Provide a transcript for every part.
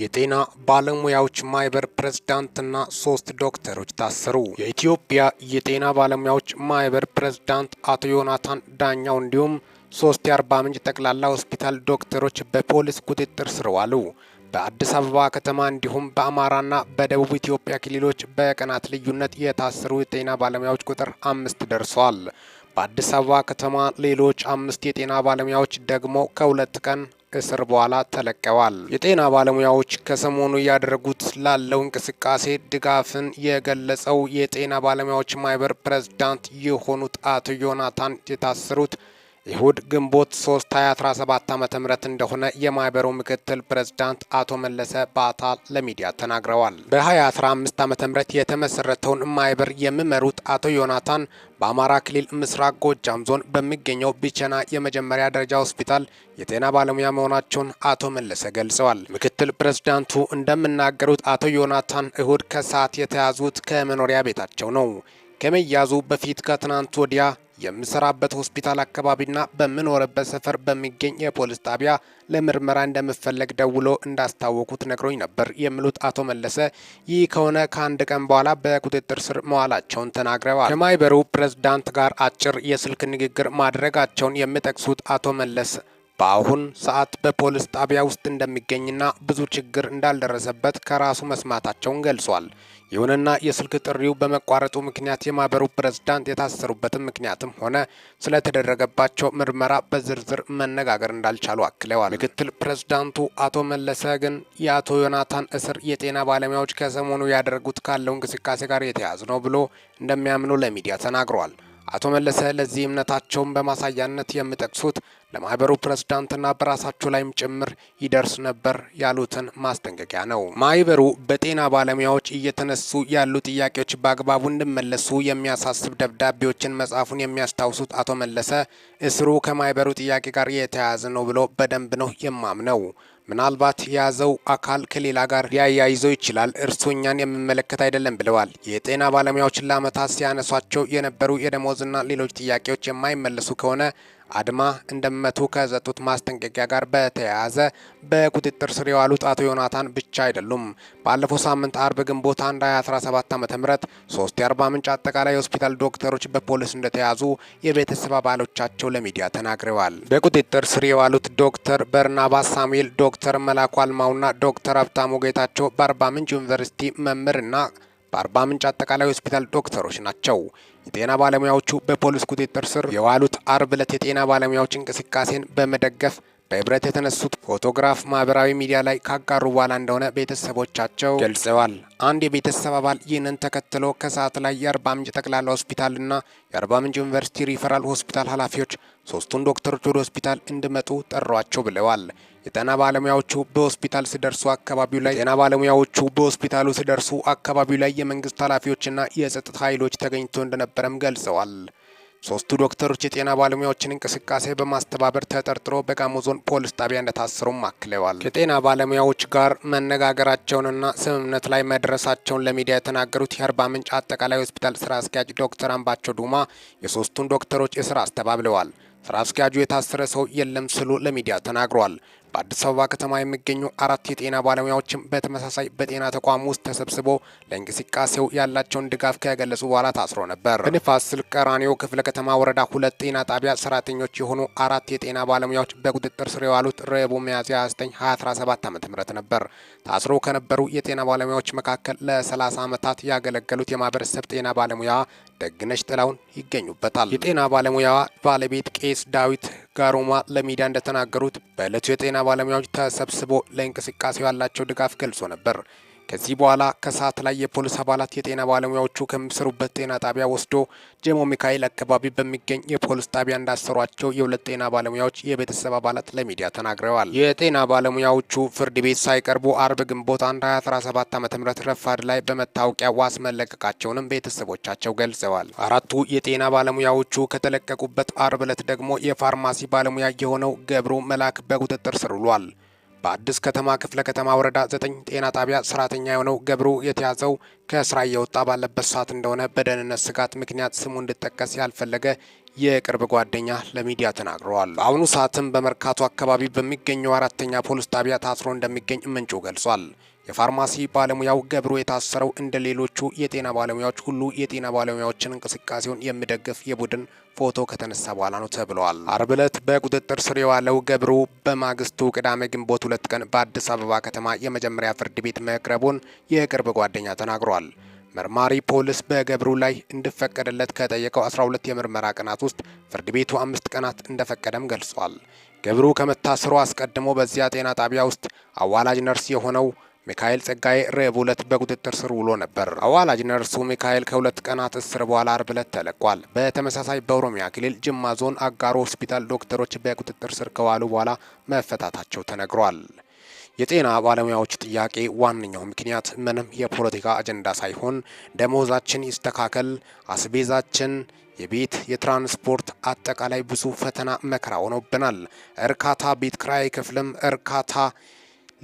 የጤና ባለሙያዎች ማህበር ፕሬዝዳንትና ሶስት ዶክተሮች ታሰሩ። የኢትዮጵያ የጤና ባለሙያዎች ማህበር ፕሬዝዳንት አቶ ዮናታን ዳኛው እንዲሁም ሶስት የአርባ ምንጭ ጠቅላላ ሆስፒታል ዶክተሮች በፖሊስ ቁጥጥር ስር ዋሉ። በአዲስ አበባ ከተማ እንዲሁም በአማራና በደቡብ ኢትዮጵያ ክልሎች በቀናት ልዩነት የታሰሩ የጤና ባለሙያዎች ቁጥር አምስት ደርሷል። በአዲስ አበባ ከተማ ሌሎች አምስት የጤና ባለሙያዎች ደግሞ ከሁለት ቀን እስር በኋላ ተለቀዋል። የጤና ባለሙያዎች ከሰሞኑ እያደረጉት ላለው እንቅስቃሴ ድጋፍን የገለጸው የጤና ባለሙያዎች ማህበር ፕሬዝዳንት የሆኑት አቶ ዮናታን የታሰሩት ይሁድ ግንቦት 3 2017 ዓ ም እንደሆነ የማህበሩ ምክትል ፕሬዝዳንት አቶ መለሰ በአታል ለሚዲያ ተናግረዋል። በ2015 ዓ ም የተመሰረተውን ማህበር የሚመሩት አቶ ዮናታን በአማራ ክልል ምስራቅ ጎጃም ዞን በሚገኘው ቢቸና የመጀመሪያ ደረጃ ሆስፒታል የጤና ባለሙያ መሆናቸውን አቶ መለሰ ገልጸዋል። ምክትል ፕሬዝዳንቱ እንደሚናገሩት አቶ ዮናታን እሁድ ከሰዓት የተያዙት ከመኖሪያ ቤታቸው ነው። ከመያዙ በፊት ከትናንት ወዲያ የምሰራበት ሆስፒታል አካባቢና በምኖርበት ሰፈር በሚገኝ የፖሊስ ጣቢያ ለምርመራ እንደምፈለግ ደውሎ እንዳስታወቁት ነግሮኝ ነበር የሚሉት አቶ መለሰ ይህ ከሆነ ከአንድ ቀን በኋላ በቁጥጥር ስር መዋላቸውን ተናግረዋል። ከማይበሩ ፕሬዝዳንት ጋር አጭር የስልክ ንግግር ማድረጋቸውን የሚጠቅሱት አቶ መለስ በአሁን ሰዓት በፖሊስ ጣቢያ ውስጥ እንደሚገኝና ብዙ ችግር እንዳልደረሰበት ከራሱ መስማታቸውን ገልጿል። ይሁንና የስልክ ጥሪው በመቋረጡ ምክንያት የማህበሩ ፕሬዝዳንት የታሰሩበትን ምክንያትም ሆነ ስለተደረገባቸው ምርመራ በዝርዝር መነጋገር እንዳልቻሉ አክለዋል። ምክትል ፕሬዝዳንቱ አቶ መለሰ ግን የአቶ ዮናታን እስር የጤና ባለሙያዎች ከሰሞኑ ያደረጉት ካለው እንቅስቃሴ ጋር የተያያዘ ነው ብሎ እንደሚያምኑ ለሚዲያ ተናግሯል። አቶ መለሰ ለዚህ እምነታቸውን በማሳያነት የሚጠቅሱት ለማህበሩ ፕሬዝዳንትና በራሳቸው ላይም ጭምር ይደርስ ነበር ያሉትን ማስጠንቀቂያ ነው። ማህበሩ በጤና ባለሙያዎች እየተነሱ ያሉ ጥያቄዎች በአግባቡ እንዲመለሱ የሚያሳስብ ደብዳቤዎችን መጻፉን የሚያስታውሱት አቶ መለሰ እስሩ ከማህበሩ ጥያቄ ጋር የተያያዘ ነው ብሎ በደንብ ነው የማምነው ምናልባት የያዘው አካል ከሌላ ጋር ሊያያይዘው ይችላል፣ እርሱ እኛን የሚመለከት አይደለም ብለዋል። የጤና ባለሙያዎች ለአመታት ሲያነሷቸው የነበሩ የደሞዝና ሌሎች ጥያቄዎች የማይመለሱ ከሆነ አድማ እንደመቱ ከሰጡት ማስጠንቀቂያ ጋር በተያያዘ በቁጥጥር ስር የዋሉት አቶ ዮናታን ብቻ አይደሉም። ባለፈው ሳምንት አርብ ግንቦት 1 2017 ዓ ም ሶስት የአርባ ምንጭ አጠቃላይ ሆስፒታል ዶክተሮች በፖሊስ እንደተያዙ የቤተሰብ አባሎቻቸው ለሚዲያ ተናግረዋል። በቁጥጥር ስር የዋሉት ዶክተር በርናባስ ሳሙኤል፣ ዶክተር መላኩ አልማውና ዶክተር ሀብታሙ ጌታቸው በአርባ ምንጭ ዩኒቨርሲቲ መምህርና በአርባ ምንጭ አጠቃላይ ሆስፒታል ዶክተሮች ናቸው። የጤና ባለሙያዎቹ በፖሊስ ቁጥጥር ስር የዋሉት አርብ ዕለት የጤና ባለሙያዎች እንቅስቃሴን በመደገፍ በህብረት የተነሱት ፎቶግራፍ ማህበራዊ ሚዲያ ላይ ካጋሩ በኋላ እንደሆነ ቤተሰቦቻቸው ገልጸዋል። አንድ የቤተሰብ አባል ይህንን ተከትሎ ከሰዓት ላይ የአርባ ምንጭ ጠቅላላ ሆስፒታልና የአርባ ምንጭ ዩኒቨርሲቲ ሪፈራል ሆስፒታል ኃላፊዎች ሶስቱን ዶክተሮች ወደ ሆስፒታል እንዲመጡ ጠሯቸው ብለዋል። የጤና ባለሙያዎቹ በሆስፒታል ሲደርሱ አካባቢው ላይ ጤና ባለሙያዎቹ በሆስፒታሉ ሲደርሱ አካባቢው ላይ የመንግስት ኃላፊዎችና የጸጥታ ኃይሎች ተገኝቶ እንደነበረም ገልጸዋል። ሶስቱ ዶክተሮች የጤና ባለሙያዎችን እንቅስቃሴ በማስተባበር ተጠርጥሮ በጋሞ ዞን ፖሊስ ጣቢያ እንደታሰሩም አክለዋል። ከጤና ባለሙያዎች ጋር መነጋገራቸውንና ስምምነት ላይ መድረሳቸውን ለሚዲያ የተናገሩት የአርባ ምንጭ አጠቃላይ ሆስፒታል ስራ አስኪያጅ ዶክተር አምባቸው ዱማ የሶስቱን ዶክተሮች እስራ አስተባብለዋል። ስራ አስኪያጁ የታሰረ ሰው የለም ስሉ ለሚዲያ ተናግሯል። በአዲስ አበባ ከተማ የሚገኙ አራት የጤና ባለሙያዎችም በተመሳሳይ በጤና ተቋም ውስጥ ተሰብስቦ ለእንቅስቃሴው ያላቸውን ድጋፍ ከገለጹ በኋላ ታስሮ ነበር። በንፋስ ስልክ ቀራኒዮ ክፍለ ከተማ ወረዳ ሁለት ጤና ጣቢያ ሰራተኞች የሆኑ አራት የጤና ባለሙያዎች በቁጥጥር ስር የዋሉት ረቡዕ ሚያዝያ 29 2017 ዓ ም ነበር። ታስሮ ከነበሩ የጤና ባለሙያዎች መካከል ለ30 ዓመታት ያገለገሉት የማህበረሰብ ጤና ባለሙያ ደግነሽ ጥላውን ይገኙበታል። የጤና ባለሙያዋ ባለቤት ቄስ ዳዊት ጋሮማ ለሚዲያ እንደተናገሩት በዕለቱ የጤና ባለሙያዎች ተሰብስቦ ለእንቅስቃሴ ያላቸው ድጋፍ ገልጾ ነበር። ከዚህ በኋላ ከሰዓት ላይ የፖሊስ አባላት የጤና ባለሙያዎቹ ከሚሰሩበት ጤና ጣቢያ ወስዶ ጀሞ ሚካኤል አካባቢ በሚገኝ የፖሊስ ጣቢያ እንዳሰሯቸው የሁለት ጤና ባለሙያዎች የቤተሰብ አባላት ለሚዲያ ተናግረዋል። የጤና ባለሙያዎቹ ፍርድ ቤት ሳይቀርቡ አርብ ግንቦት 1 2017 ዓ ም ረፋድ ላይ በመታወቂያ ዋስ መለቀቃቸውንም ቤተሰቦቻቸው ገልጸዋል። አራቱ የጤና ባለሙያዎቹ ከተለቀቁበት አርብ ዕለት ደግሞ የፋርማሲ ባለሙያ የሆነው ገብሩ መላክ በቁጥጥር ስር ውሏል። በአዲስ ከተማ ክፍለ ከተማ ወረዳ ዘጠኝ ጤና ጣቢያ ሰራተኛ የሆነው ገብሩ የተያዘው ከስራ እየወጣ ባለበት ሰዓት እንደሆነ በደህንነት ስጋት ምክንያት ስሙ እንዲጠቀስ ያልፈለገ የቅርብ ጓደኛ ለሚዲያ ተናግረዋል። በአሁኑ ሰዓትም በመርካቶ አካባቢ በሚገኘው አራተኛ ፖሊስ ጣቢያ ታስሮ እንደሚገኝ ምንጩ ገልጿል። የፋርማሲ ባለሙያው ገብሩ የታሰረው እንደ ሌሎቹ የጤና ባለሙያዎች ሁሉ የጤና ባለሙያዎችን እንቅስቃሴውን የሚደግፍ የቡድን ፎቶ ከተነሳ በኋላ ነው ተብሏል። አርብ ዕለት በቁጥጥር ስር የዋለው ገብሩ በማግስቱ ቅዳሜ ግንቦት ሁለት ቀን በአዲስ አበባ ከተማ የመጀመሪያ ፍርድ ቤት መቅረቡን የቅርብ ጓደኛ ተናግሯል። መርማሪ ፖሊስ በገብሩ ላይ እንዲፈቀድለት ከጠየቀው 12 የምርመራ ቀናት ውስጥ ፍርድ ቤቱ አምስት ቀናት እንደፈቀደም ገልጿል። ገብሩ ከመታሰሩ አስቀድሞ በዚያ ጤና ጣቢያ ውስጥ አዋላጅ ነርስ የሆነው ሚካኤል ጸጋዬ ረቡዕ ዕለት በቁጥጥር ስር ውሎ ነበር። አዋላጅ ነርሱ ሚካኤል ከሁለት ቀናት እስር በኋላ አርብ ዕለት ተለቋል። በተመሳሳይ በኦሮሚያ ክልል ጅማ ዞን አጋሮ ሆስፒታል ዶክተሮች በቁጥጥር ስር ከዋሉ በኋላ መፈታታቸው ተነግሯል። የጤና ባለሙያዎች ጥያቄ ዋነኛው ምክንያት ምንም የፖለቲካ አጀንዳ ሳይሆን ደሞዛችን ይስተካከል፣ አስቤዛችን፣ የቤት የትራንስፖርት፣ አጠቃላይ ብዙ ፈተና መከራ ሆኖብናል። እርካታ ቤት ክራይ ክፍልም እርካታ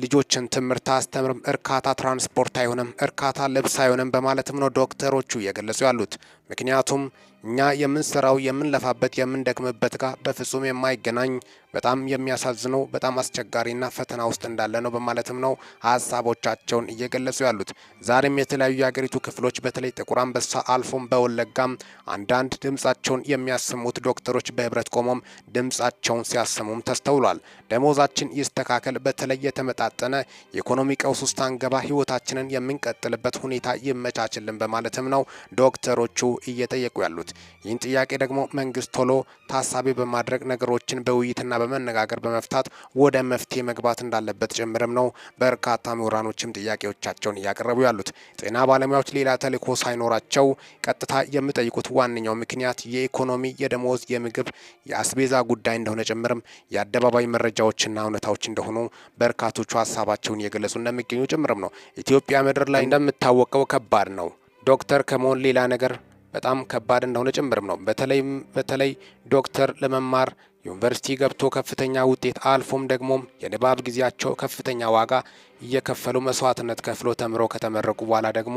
ልጆችን ትምህርት አስተምርም፣ እርካታ ትራንስፖርት አይሆንም፣ እርካታ ልብስ አይሆንም በማለትም ነው ዶክተሮቹ እየገለጹ ያሉት። ምክንያቱም እኛ የምንሰራው የምንለፋበት የምንደክምበት ጋር በፍጹም የማይገናኝ በጣም የሚያሳዝነው በጣም አስቸጋሪና ፈተና ውስጥ እንዳለ ነው በማለትም ነው ሀሳቦቻቸውን እየገለጹ ያሉት። ዛሬም የተለያዩ የሀገሪቱ ክፍሎች በተለይ ጥቁር አንበሳ አልፎም በወለጋም አንዳንድ ድምጻቸውን የሚያሰሙት ዶክተሮች በህብረት ቆሞም ድምጻቸውን ሲያሰሙም ተስተውሏል። ደሞዛችን ይስተካከል፣ በተለይ የተመጣጠነ የኢኮኖሚ ቀውስ ውስጥ አንገባ፣ ህይወታችንን የምንቀጥልበት ሁኔታ ይመቻችልን በማለትም ነው ዶክተሮቹ እየጠየቁ ያሉት። ይህን ጥያቄ ደግሞ መንግስት ቶሎ ታሳቢ በማድረግ ነገሮችን በውይይትና በመነጋገር በመፍታት ወደ መፍትሄ መግባት እንዳለበት ጭምርም ነው። በርካታ ምሁራኖችም ጥያቄዎቻቸውን እያቀረቡ ያሉት ጤና ባለሙያዎች ሌላ ተልዕኮ ሳይኖራቸው ቀጥታ የሚጠይቁት ዋነኛው ምክንያት የኢኮኖሚ፣ የደሞዝ፣ የምግብ፣ የአስቤዛ ጉዳይ እንደሆነ ጭምርም የአደባባይ መረጃዎችና እውነታዎች እንደሆኑ በርካቶቹ ሀሳባቸውን እየገለጹ እንደሚገኙ ጭምርም ነው። ኢትዮጵያ ምድር ላይ እንደምታወቀው ከባድ ነው ዶክተር ከመሆን ሌላ ነገር በጣም ከባድ እንደሆነ ጭምርም ነው። በተለይም በተለይ ዶክተር ለመማር ዩኒቨርሲቲ ገብቶ ከፍተኛ ውጤት አልፎም ደግሞ የንባብ ጊዜያቸው ከፍተኛ ዋጋ እየከፈሉ መስዋዕትነት ከፍሎ ተምሮ ከተመረቁ በኋላ ደግሞ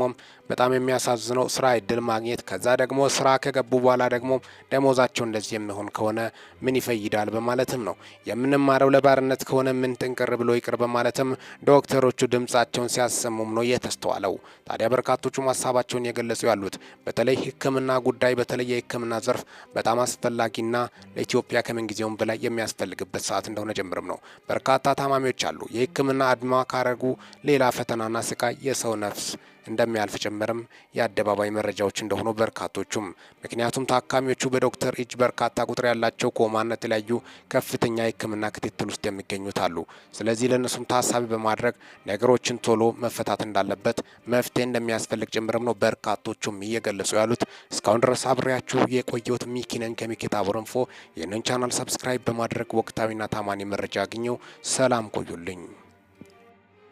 በጣም የሚያሳዝነው ስራ እድል ማግኘት ከዛ ደግሞ ስራ ከገቡ በኋላ ደግሞ ደሞዛቸው እንደዚህ የሚሆን ከሆነ ምን ይፈይዳል በማለትም ነው የምንማረው ለባርነት ከሆነ ምን ጥንቅር ብሎ ይቅር በማለትም ዶክተሮቹ ድምጻቸውን ሲያሰሙም ነው የተስተዋለው። ታዲያ በርካቶቹ ሀሳባቸውን የገለጹ ያሉት በተለይ ሕክምና ጉዳይ በተለይ የሕክምና ዘርፍ በጣም አስፈላጊና ለኢትዮጵያ ከምንጊዜውም በላይ የሚያስፈልግበት ሰዓት እንደሆነ ጀምርም ነው። በርካታ ታማሚዎች አሉ የሕክምና አድማ ካረ ማድረጉ ሌላ ፈተናና ስቃይ የሰው ነፍስ እንደሚያልፍ ጭምርም የአደባባይ መረጃዎች እንደሆኑ በርካቶቹም ምክንያቱም ታካሚዎቹ በዶክተር እጅ በርካታ ቁጥር ያላቸው ኮማና የተለያዩ ከፍተኛ የሕክምና ክትትል ውስጥ የሚገኙት አሉ። ስለዚህ ለእነሱም ታሳቢ በማድረግ ነገሮችን ቶሎ መፈታት እንዳለበት መፍትሄ እንደሚያስፈልግ ጭምርም ነው በርካቶቹም እየገለጹ ያሉት። እስካሁን ድረስ አብሬያችሁ የቆየሁት ሚኪነኝ ከሚኪታ ቦረንፎ። ይህንን ቻናል ሰብስክራይብ በማድረግ ወቅታዊና ታማኒ መረጃ አግኘው። ሰላም ቆዩልኝ።